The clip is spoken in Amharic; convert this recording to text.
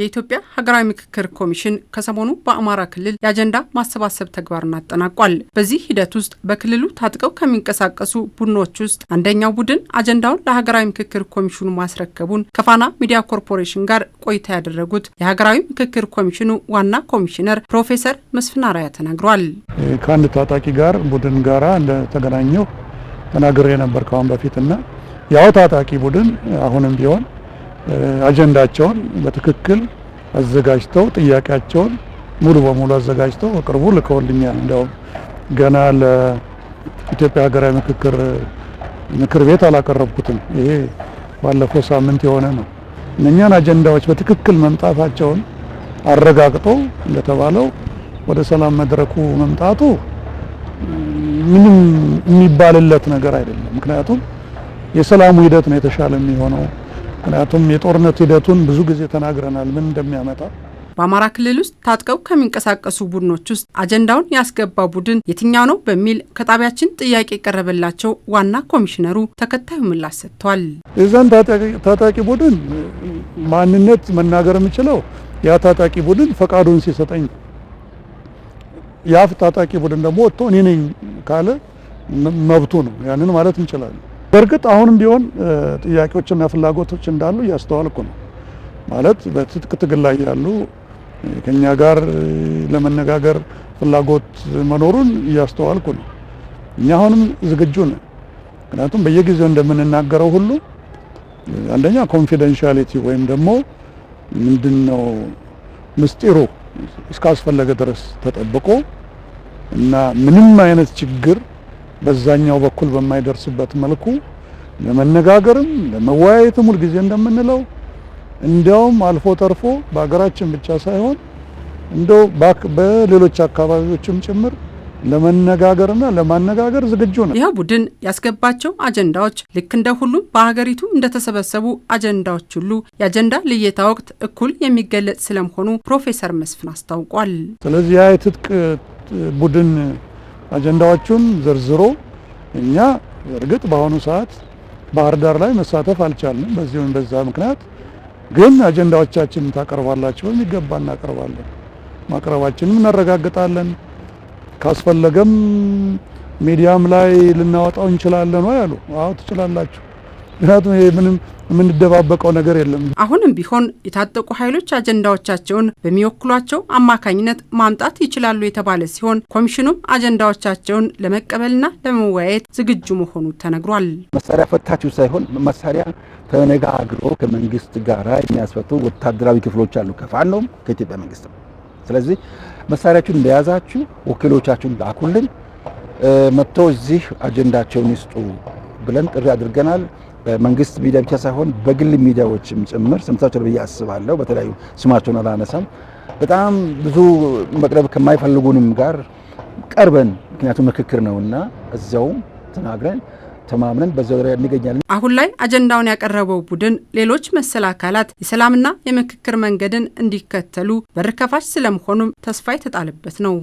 የኢትዮጵያ ሀገራዊ ምክክር ኮሚሽን ከሰሞኑ በአማራ ክልል የአጀንዳ ማሰባሰብ ተግባርን አጠናቋል። በዚህ ሂደት ውስጥ በክልሉ ታጥቀው ከሚንቀሳቀሱ ቡድኖች ውስጥ አንደኛው ቡድን አጀንዳውን ለሀገራዊ ምክክር ኮሚሽኑ ማስረከቡን ከፋና ሚዲያ ኮርፖሬሽን ጋር ቆይታ ያደረጉት የሀገራዊ ምክክር ኮሚሽኑ ዋና ኮሚሽነር ፕሮፌሰር መስፍን አራያ ተናግሯል። ከአንድ ታጣቂ ጋር ቡድን ጋራ እንደተገናኘው ተናግሬ ነበር ከአሁን በፊትና ያው ታጣቂ ቡድን አሁንም ቢሆን አጀንዳቸውን በትክክል አዘጋጅተው ጥያቄያቸውን ሙሉ በሙሉ አዘጋጅተው በቅርቡ ልከውልኛል። እንዲያውም ገና ለኢትዮጵያ ሀገራዊ ምክክር ምክር ቤት አላቀረብኩትም። ይሄ ባለፈው ሳምንት የሆነ ነው። እነኛን አጀንዳዎች በትክክል መምጣታቸውን አረጋግጦ እንደተባለው ወደ ሰላም መድረኩ መምጣቱ ምንም የሚባልለት ነገር አይደለም። ምክንያቱም የሰላሙ ሂደት ነው የተሻለ የሚሆነው። ምክንያቱም የጦርነት ሂደቱን ብዙ ጊዜ ተናግረናል ምን እንደሚያመጣ። በአማራ ክልል ውስጥ ታጥቀው ከሚንቀሳቀሱ ቡድኖች ውስጥ አጀንዳውን ያስገባ ቡድን የትኛው ነው በሚል ከጣቢያችን ጥያቄ የቀረበላቸው ዋና ኮሚሽነሩ ተከታዩ ምላሽ ሰጥቷል። የዛን ታጣቂ ቡድን ማንነት መናገር የምችለው ያ ታጣቂ ቡድን ፈቃዱን ሲሰጠኝ ያ ታጣቂ ቡድን ደግሞ ወጥቶ እኔ ነኝ ካለ መብቱ ነው። ያንን ማለት እንችላለን። በእርግጥ አሁንም ቢሆን ጥያቄዎችና ፍላጎቶች እንዳሉ እያስተዋልኩ ነው። ማለት በትጥቅ ትግል ላይ ያሉ ከኛ ጋር ለመነጋገር ፍላጎት መኖሩን እያስተዋልኩ ነው። እኛ አሁንም ዝግጁ ነን። ምክንያቱም በየጊዜው እንደምንናገረው ሁሉ አንደኛ ኮንፊደንሻሊቲ ወይም ደግሞ ምንድን ነው ምስጢሩ እስካስፈለገ ድረስ ተጠብቆ እና ምንም አይነት ችግር በዛኛው በኩል በማይደርስበት መልኩ ለመነጋገርም ለመወያየትም ጊዜ እንደምንለው እንዲያውም አልፎ ተርፎ በሀገራችን ብቻ ሳይሆን እንደው በሌሎች አካባቢዎችም ጭምር ለመነጋገርና ለማነጋገር ዝግጁ ነው። ይህ ቡድን ያስገባቸው አጀንዳዎች ልክ እንደ ሁሉም በሀገሪቱ እንደተሰበሰቡ አጀንዳዎች ሁሉ የአጀንዳ ልየታ ወቅት እኩል የሚገለጽ ስለመሆኑ ፕሮፌሰር መስፍን አስታውቋል። ስለዚህ ያ የትጥቅ ቡድን አጀንዳዎቹን ዘርዝሮ እኛ እርግጥ በአሁኑ ሰዓት ባህር ዳር ላይ መሳተፍ አልቻልንም። በዚህ በዛ ምክንያት ግን አጀንዳዎቻችን ታቀርባላችሁ የሚገባ እናቀርባለን። ማቅረባችንም እናረጋግጣለን። ካስፈለገም ሚዲያም ላይ ልናወጣው እንችላለን ወይ አሉ። አዎ ትችላላችሁ። ምክንያቱም ይሄ ምንም የምንደባበቀው ነገር የለም። አሁንም ቢሆን የታጠቁ ኃይሎች አጀንዳዎቻቸውን በሚወክሏቸው አማካኝነት ማምጣት ይችላሉ የተባለ ሲሆን ኮሚሽኑም አጀንዳዎቻቸውን ለመቀበልና ለመወያየት ዝግጁ መሆኑ ተነግሯል። መሳሪያ ፈታችሁ ሳይሆን መሳሪያ ተነጋግሮ ከመንግስት ጋራ የሚያስፈቱ ወታደራዊ ክፍሎች አሉ፣ ከፋኖም ከኢትዮጵያ መንግስት። ስለዚህ መሳሪያችሁን እንደያዛችሁ ወኪሎቻችሁን ላኩልን፣ መጥቶ እዚህ አጀንዳቸውን ይስጡ ብለን ጥሪ አድርገናል። በመንግስት ሚዲያ ብቻ ሳይሆን በግል ሚዲያዎችም ጭምር ሰምታችኋል ብዬ አስባለሁ። በተለያዩ ስማቸውን አላነሳም። በጣም ብዙ መቅረብ ከማይፈልጉንም ጋር ቀርበን ምክንያቱም ምክክር ነውና እዛው ተናግረን ተማምነን በዛው ላይ እንገኛለን። አሁን ላይ አጀንዳውን ያቀረበው ቡድን ሌሎች መሰል አካላት የሰላምና የምክክር መንገድን እንዲከተሉ በር ከፋች ስለመሆኑም ተስፋ የተጣለበት ነው።